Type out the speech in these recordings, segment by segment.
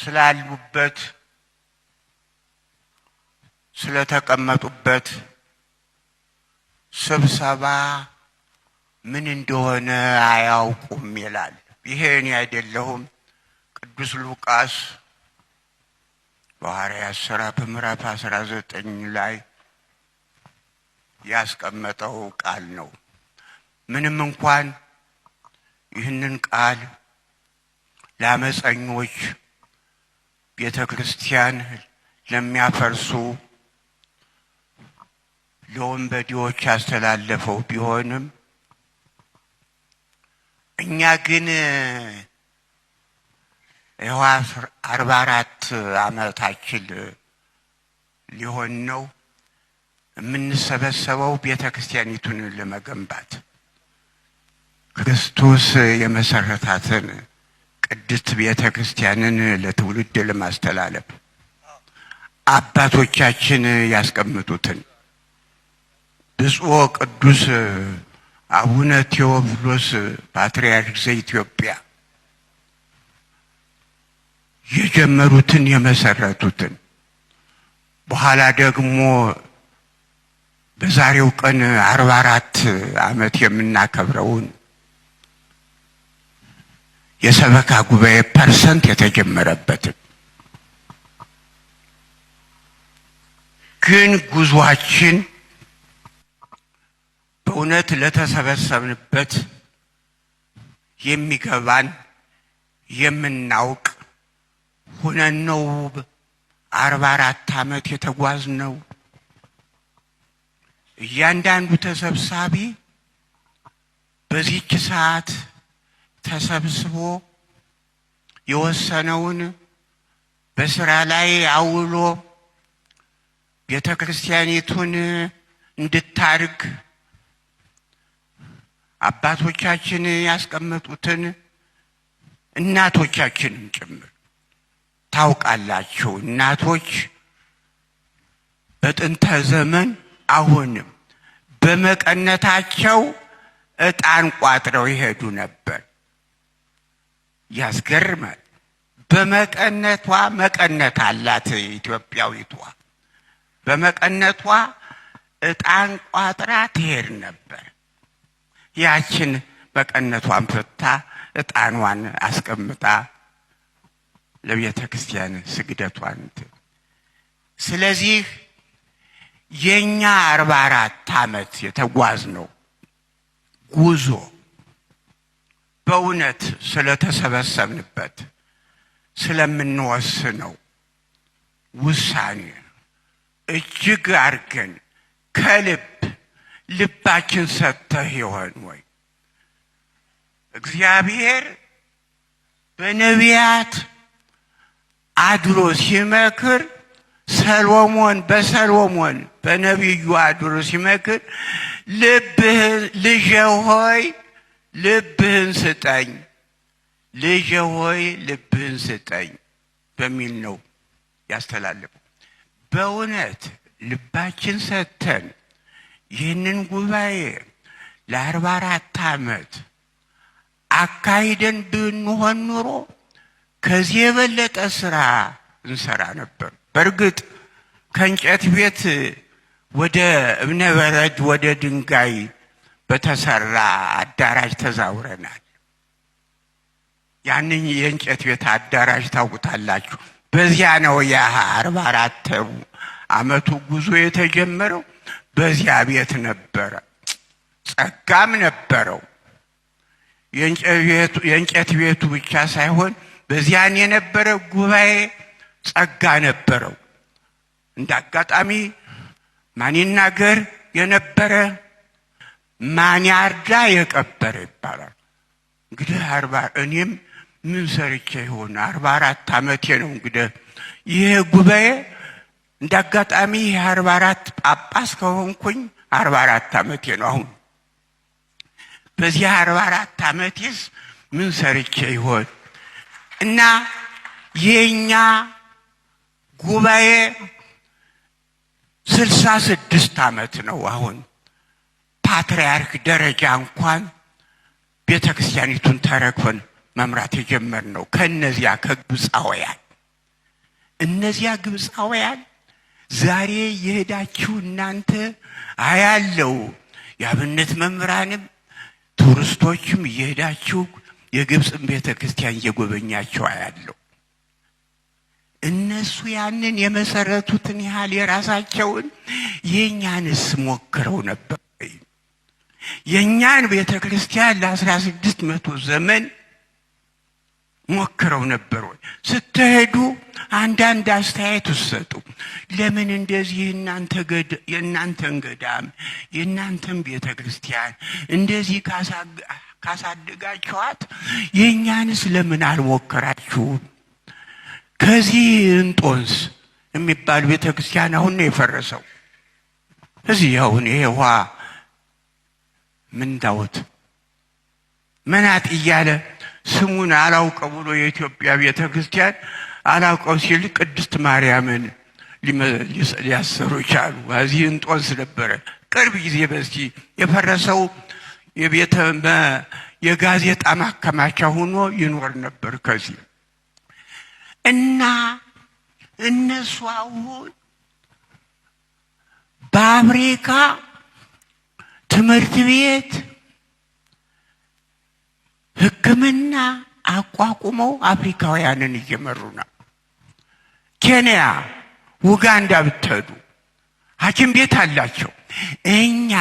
ስላሉበት ስለተቀመጡበት ስብሰባ ምን እንደሆነ አያውቁም ይላል። ይሄ እኔ አይደለሁም። ቅዱስ ሉቃስ በሐዋርያት ሥራ በምዕራፍ አስራ ዘጠኝ ላይ ያስቀመጠው ቃል ነው። ምንም እንኳን ይህንን ቃል ለአመፀኞች ቤተ ክርስቲያን ለሚያፈርሱ ለወንበዴዎች ያስተላለፈው ቢሆንም እኛ ግን ይኸው አርባ አራት ዓመታችን ሊሆን ነው የምንሰበሰበው ቤተ ክርስቲያኒቱን ለመገንባት ክርስቶስ የመሰረታትን ቅድስት ቤተ ክርስቲያንን ለትውልድ ለማስተላለፍ አባቶቻችን ያስቀምጡትን ብፁዕ ቅዱስ አቡነ ቴዎፍሎስ ፓትርያርክ ዘኢትዮጵያ የጀመሩትን የመሰረቱትን በኋላ ደግሞ በዛሬው ቀን አርባ አራት ዓመት የምናከብረውን የሰበካ ጉባኤ ፐርሰንት የተጀመረበትም ግን ጉዟችን በእውነት ለተሰበሰብንበት የሚገባን የምናውቅ ሁነን ነው አርባ አራት ዓመት የተጓዝ ነው። እያንዳንዱ ተሰብሳቢ በዚህች ሰዓት ተሰብስቦ የወሰነውን በስራ ላይ አውሎ ቤተ ክርስቲያኒቱን እንድታድግ አባቶቻችን ያስቀመጡትን እናቶቻችንም ጭምር ታውቃላችሁ። እናቶች በጥንተ ዘመን አሁንም በመቀነታቸው እጣን ቋጥረው ይሄዱ ነበር። ያስገርማል። በመቀነቷ መቀነት አላት ኢትዮጵያዊቷ። በመቀነቷ እጣን ቋጥራ ትሄድ ነበር። ያችን መቀነቷን ፍታ እጣኗን አስቀምጣ ለቤተ ክርስቲያን ስግደቷን። ስለዚህ የእኛ አርባ አራት ዓመት የተጓዝ ነው ጉዞ በእውነት ስለተሰበሰብንበት ስለምንወስነው ውሳኔ እጅግ አድርገን ከልብ ልባችን ሰጥተህ ይሆን ወይ? እግዚአብሔር በነቢያት አድሮ ሲመክር ሰሎሞን በሰሎሞን በነቢዩ አድሮ ሲመክር ልብህ ልጄ ሆይ ልብህን ስጠኝ ልጄ ሆይ ልብህን ስጠኝ በሚል ነው ያስተላልፉ። በእውነት ልባችን ሰጥተን ይህንን ጉባኤ ለአርባ አራት ዓመት አካሂደን ብንሆን ኑሮ ከዚህ የበለጠ ስራ እንሰራ ነበር። በእርግጥ ከእንጨት ቤት ወደ እብነበረድ ወደ ድንጋይ በተሰራ አዳራሽ ተዛውረናል። ያንን የእንጨት ቤት አዳራሽ ታውቁታላችሁ። በዚያ ነው ያ አርባ አራት አመቱ ጉዞ የተጀመረው በዚያ ቤት ነበረ። ጸጋም ነበረው። የእንጨት ቤቱ ብቻ ሳይሆን በዚያን የነበረ ጉባኤ ጸጋ ነበረው። እንደ አጋጣሚ ማን ይናገር የነበረ ማን ያርዳ የቀበረ ይባላል። እንግዲህ አርባ እኔም ምን ሰርቼ ይሆን አርባ አራት ዓመቴ ነው። እንግዲህ ይሄ ጉባኤ እንደ አጋጣሚ ይህ አርባ አራት ጳጳስ ከሆንኩኝ አርባ አራት ዓመቴ ነው አሁን። በዚህ አርባ አራት ዓመቴስ ምን ሰርቼ ይሆን እና የኛ ጉባኤ ስልሳ ስድስት ዓመት ነው አሁን በፓትርያርክ ደረጃ እንኳን ቤተ ክርስቲያኒቱን ተረኮን መምራት የጀመርነው ከእነዚያ ከግብፃውያን እነዚያ ግብፃውያን ዛሬ የሄዳችሁ እናንተ አያለው የአብነት መምህራንም ቱሪስቶችም እየሄዳችሁ የግብፅን ቤተ ክርስቲያን አያለው። እነሱ ያንን የመሰረቱትን ያህል የራሳቸውን የእኛንስ ሞክረው ነበር። የእኛን ቤተ ክርስቲያን ለአስራ ስድስት መቶ ዘመን ሞክረው ነበር ወይ? ስትሄዱ አንዳንድ አስተያየት ውሰጡ። ለምን እንደዚህ የእናንተን ገዳም የእናንተን ቤተ ክርስቲያን እንደዚህ ካሳደጋችኋት የእኛንስ ለምን አልሞከራችሁም? ከዚህ እንጦንስ የሚባል ቤተ ክርስቲያን አሁን ነው የፈረሰው። እዚህ አሁን ይሄ ውሃ ምን ታወት መናት እያለ ስሙን አላውቀ ብሎ የኢትዮጵያ ቤተ ክርስቲያን አላውቀው ሲል ቅድስት ማርያምን ሊያሰሩ ይቻሉ። እዚህ እንጦንስ ነበረ ቅርብ ጊዜ በስቲ የፈረሰው የቤተ የጋዜጣ ማከማቻ ሆኖ ይኖር ነበር። ከዚህ እና እነሱ አሁን በአፍሪካ ትምህርት ቤት፣ ሕክምና አቋቁመው አፍሪካውያንን እየመሩ ነው። ኬንያ፣ ኡጋንዳ ብትሄዱ ሐኪም ቤት አላቸው። እኛ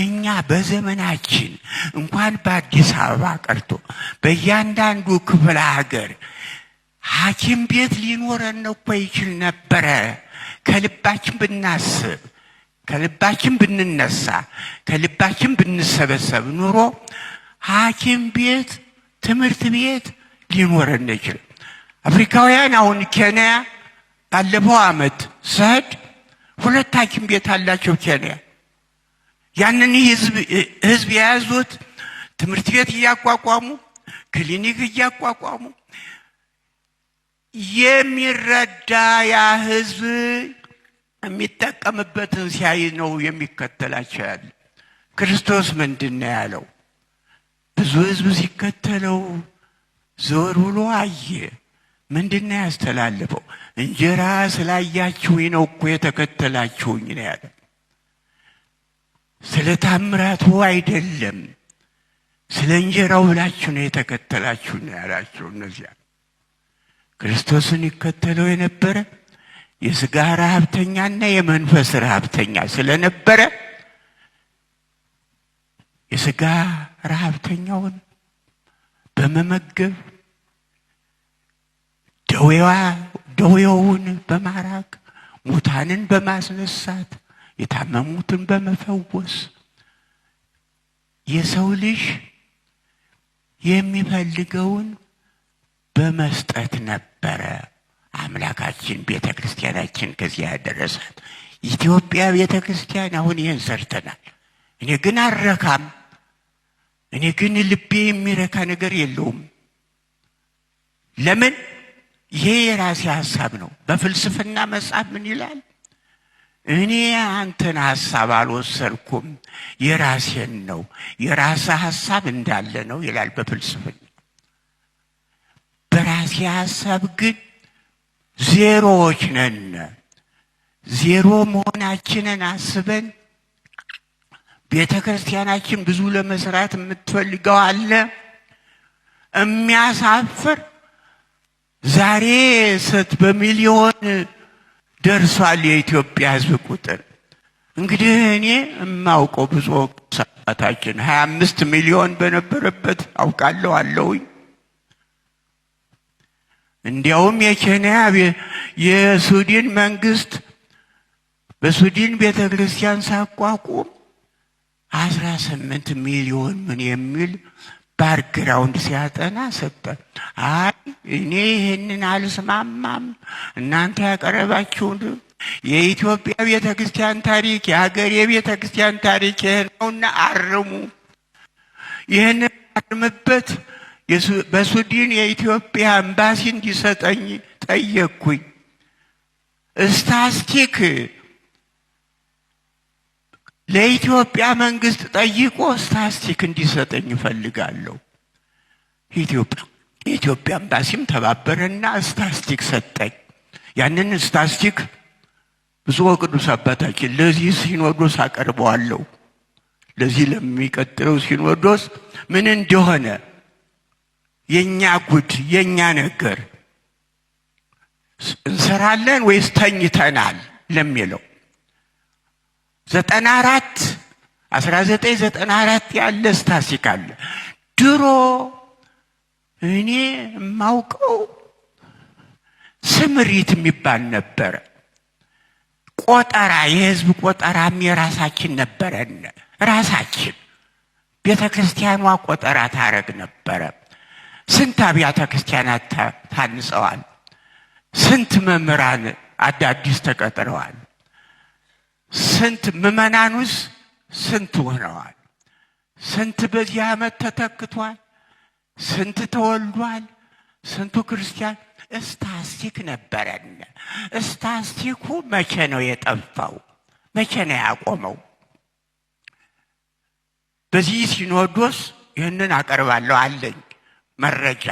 እኛ በዘመናችን እንኳን በአዲስ አበባ ቀርቶ በእያንዳንዱ ክፍለ ሀገር ሐኪም ቤት ሊኖረን እኮ ይችል ነበረ ከልባችን ብናስብ ከልባችን ብንነሳ ከልባችን ብንሰበሰብ ኑሮ ሐኪም ቤት፣ ትምህርት ቤት ሊኖረን አይችልም። አፍሪካውያን አሁን ኬንያ ባለፈው ዓመት ሰድ ሁለት ሐኪም ቤት አላቸው ኬንያ። ያንን ህዝብ የያዙት ትምህርት ቤት እያቋቋሙ ክሊኒክ እያቋቋሙ የሚረዳ ያ ህዝብ የሚጠቀምበትን ሲያይ ነው የሚከተላቸው ያለ። ክርስቶስ ምንድን ነው ያለው? ብዙ ህዝብ ሲከተለው ዘወር ብሎ አየ። ምንድን ነው ያስተላልፈው? እንጀራ ስላያችሁኝ ነው እኮ የተከተላችሁኝ ነው ያለ። ስለ ታምራቱ አይደለም፣ ስለ እንጀራው ብላችሁ ነው የተከተላችሁ ነው ያላቸው። እነዚያ ክርስቶስን ይከተለው የነበረ የስጋ ረሀብተኛና የመንፈስ ረሀብተኛ ስለነበረ የስጋ ረሀብተኛውን በመመገብ ደዌውን በማራቅ ሙታንን በማስነሳት የታመሙትን በመፈወስ የሰው ልጅ የሚፈልገውን በመስጠት ነበረ። አምላካችን ቤተ ክርስቲያናችን ከዚህ ያደረሳት ኢትዮጵያ ቤተ ክርስቲያን አሁን ይህን ሰርተናል። እኔ ግን አረካም። እኔ ግን ልቤ የሚረካ ነገር የለውም። ለምን? ይሄ የራሴ ሀሳብ ነው። በፍልስፍና መጽሐፍ ምን ይላል? እኔ አንተን ሀሳብ አልወሰድኩም፣ የራሴን ነው። የራሴ ሀሳብ እንዳለ ነው ይላል በፍልስፍና። በራሴ ሀሳብ ግን ዜሮዎች ነን። ዜሮ መሆናችንን አስበን ቤተ ክርስቲያናችን ብዙ ለመስራት የምትፈልገው አለ። የሚያሳፍር ዛሬ ስት በሚሊዮን ደርሷል የኢትዮጵያ ሕዝብ ቁጥር። እንግዲህ እኔ የማውቀው ብፁዕ አባታችን ሀያ አምስት ሚሊዮን በነበረበት አውቃለሁ አለውኝ እንዲያውም የኬንያ የሱዲን መንግስት በሱዲን ቤተ ክርስቲያን ሳቋቁም አስራ ስምንት ሚሊዮን ምን የሚል ባርግራውንድ ሲያጠና ሰጠ። አይ እኔ ይህንን አልስማማም፣ እናንተ ያቀረባችሁን የኢትዮጵያ ቤተ ክርስቲያን ታሪክ የሀገር የቤተ ክርስቲያን ታሪክ ይህ ነውና አርሙ። ይህንን አርምበት በሱዲን የኢትዮጵያ ኤምባሲ እንዲሰጠኝ ጠየቅኩኝ። እስታስቲክ ለኢትዮጵያ መንግስት ጠይቆ ስታስቲክ እንዲሰጠኝ እፈልጋለሁ። የኢትዮጵያ ኤምባሲም ተባበረና ስታስቲክ ሰጠኝ። ያንን ስታስቲክ ብዙ ቅዱስ አባታችን ለዚህ ሲኖዶስ አቀርበዋለሁ። ለዚህ ለሚቀጥለው ሲኖዶስ ምን እንደሆነ የኛ ጉድ የኛ ነገር እንሰራለን ወይስ ተኝተናል ለሚለው ዘጠና አራት አስራ ዘጠኝ ዘጠና አራት ያለ ስታሲክ ድሮ እኔ የማውቀው ስምሪት የሚባል ነበረ። ቆጠራ፣ የህዝብ ቆጠራም የራሳችን ነበረን። ራሳችን ቤተ ክርስቲያኗ ቆጠራ ታረግ ነበረ። ስንት አብያተ ክርስቲያናት ታንጸዋል። ስንት መምህራን አዳዲስ ተቀጥረዋል። ስንት ምዕመናኑስ ስንት ሆነዋል። ስንት በዚህ ዓመት ተተክቷል። ስንት ተወልዷል። ስንቱ ክርስቲያን እስታስቲክ ነበረን። እስታስቲኩ መቼ ነው የጠፋው? መቼ ነው ያቆመው? በዚህ ሲኖዶስ ይህንን አቀርባለሁ አለኝ። መረጃ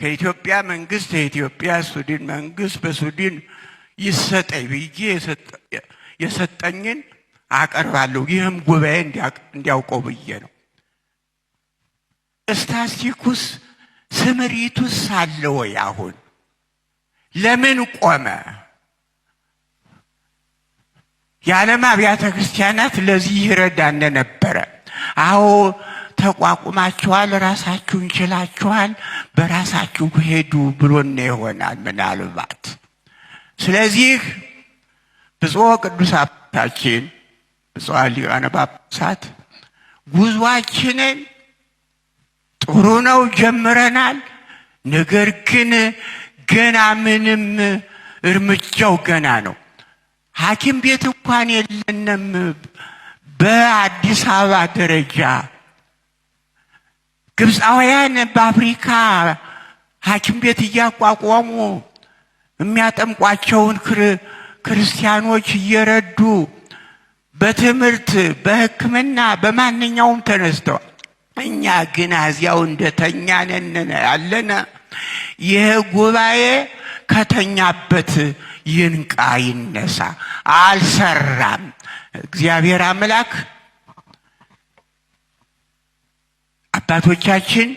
ከኢትዮጵያ መንግስት የኢትዮጵያ ሱዲን መንግስት በሱዲን ይሰጠኝ ብዬ የሰጠኝን አቀርባለሁ። ይህም ጉባኤ እንዲያውቀው ብዬ ነው። እስታስቲኩስ ስምሪቱስ አለ ወይ? አሁን ለምን ቆመ? የዓለም አብያተ ክርስቲያናት ለዚህ ይረዳን ነበረ። አዎ ተቋቁማችኋል፣ ራሳችሁን ችላችኋል፣ በራሳችሁ ሄዱ ብሎና ይሆናል ምናልባት። ስለዚህ ብፁዕ ቅዱስ አባታችን ብፁዓን ሊቃነ ጳጳሳት ጉዟችንን ጥሩ ነው ጀምረናል። ነገር ግን ገና ምንም እርምጃው ገና ነው። ሐኪም ቤት እንኳን የለንም በአዲስ አበባ ደረጃ ግብፃውያን በአፍሪካ ሐኪም ቤት እያቋቋሙ የሚያጠምቋቸውን ክርስቲያኖች እየረዱ በትምህርት በሕክምና በማንኛውም ተነስተዋል። እኛ ግን እዚያው እንደተኛነን ያለነ። ይህ ጉባኤ ከተኛበት ይንቃ ይነሳ፣ አልሰራም። እግዚአብሔር አምላክ አባቶቻችን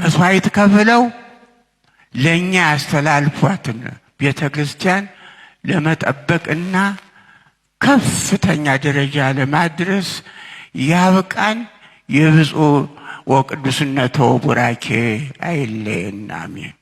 መስዋዕት ከፍለው ለእኛ ያስተላልፏትን ቤተ ክርስቲያን ለመጠበቅና ከፍተኛ ደረጃ ለማድረስ ያብቃን። የብፁዕ ወቅዱስነቶ ቡራኬ አይለየን። አሜን።